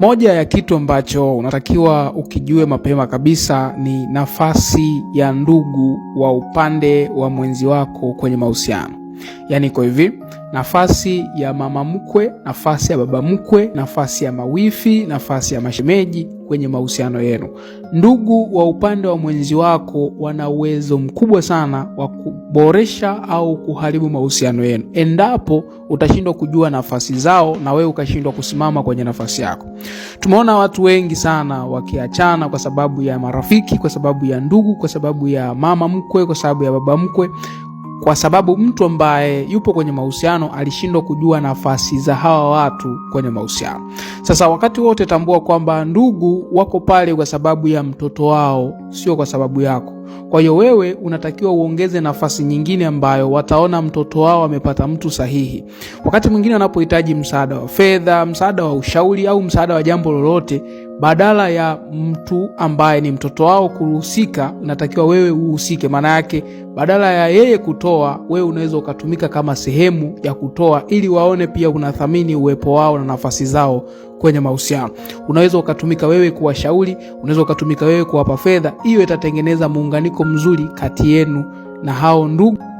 Moja ya kitu ambacho unatakiwa ukijue mapema kabisa ni nafasi ya ndugu wa upande wa mwenzi wako kwenye mahusiano. Yaani iko hivi: nafasi ya mama mkwe, nafasi ya baba mkwe, nafasi ya mawifi, nafasi ya mashemeji kwenye mahusiano yenu. Ndugu wa upande wa mwenzi wako wana uwezo mkubwa sana wa kuboresha au kuharibu mahusiano yenu endapo utashindwa kujua nafasi zao na wewe ukashindwa kusimama kwenye nafasi yako. Tumeona watu wengi sana wakiachana kwa sababu ya marafiki, kwa sababu ya ndugu, kwa sababu ya mama mkwe, kwa sababu ya baba mkwe kwa sababu mtu ambaye yupo kwenye mahusiano alishindwa kujua nafasi za hawa watu kwenye mahusiano. Sasa wakati wote tambua kwamba ndugu wako pale kwa sababu ya mtoto wao, sio kwa sababu yako. Kwa hiyo wewe unatakiwa uongeze nafasi nyingine ambayo wataona mtoto wao amepata mtu sahihi. Wakati mwingine wanapohitaji msaada wa fedha, msaada wa ushauri au msaada wa jambo lolote badala ya mtu ambaye ni mtoto wao kuhusika, unatakiwa wewe uhusike. Maana yake badala ya yeye kutoa, wewe unaweza ukatumika kama sehemu ya kutoa, ili waone pia unathamini uwepo wao na nafasi zao kwenye mahusiano. Unaweza ukatumika wewe kuwashauri, unaweza ukatumika wewe kuwapa fedha. Hiyo itatengeneza muunganiko mzuri kati yenu na hao ndugu.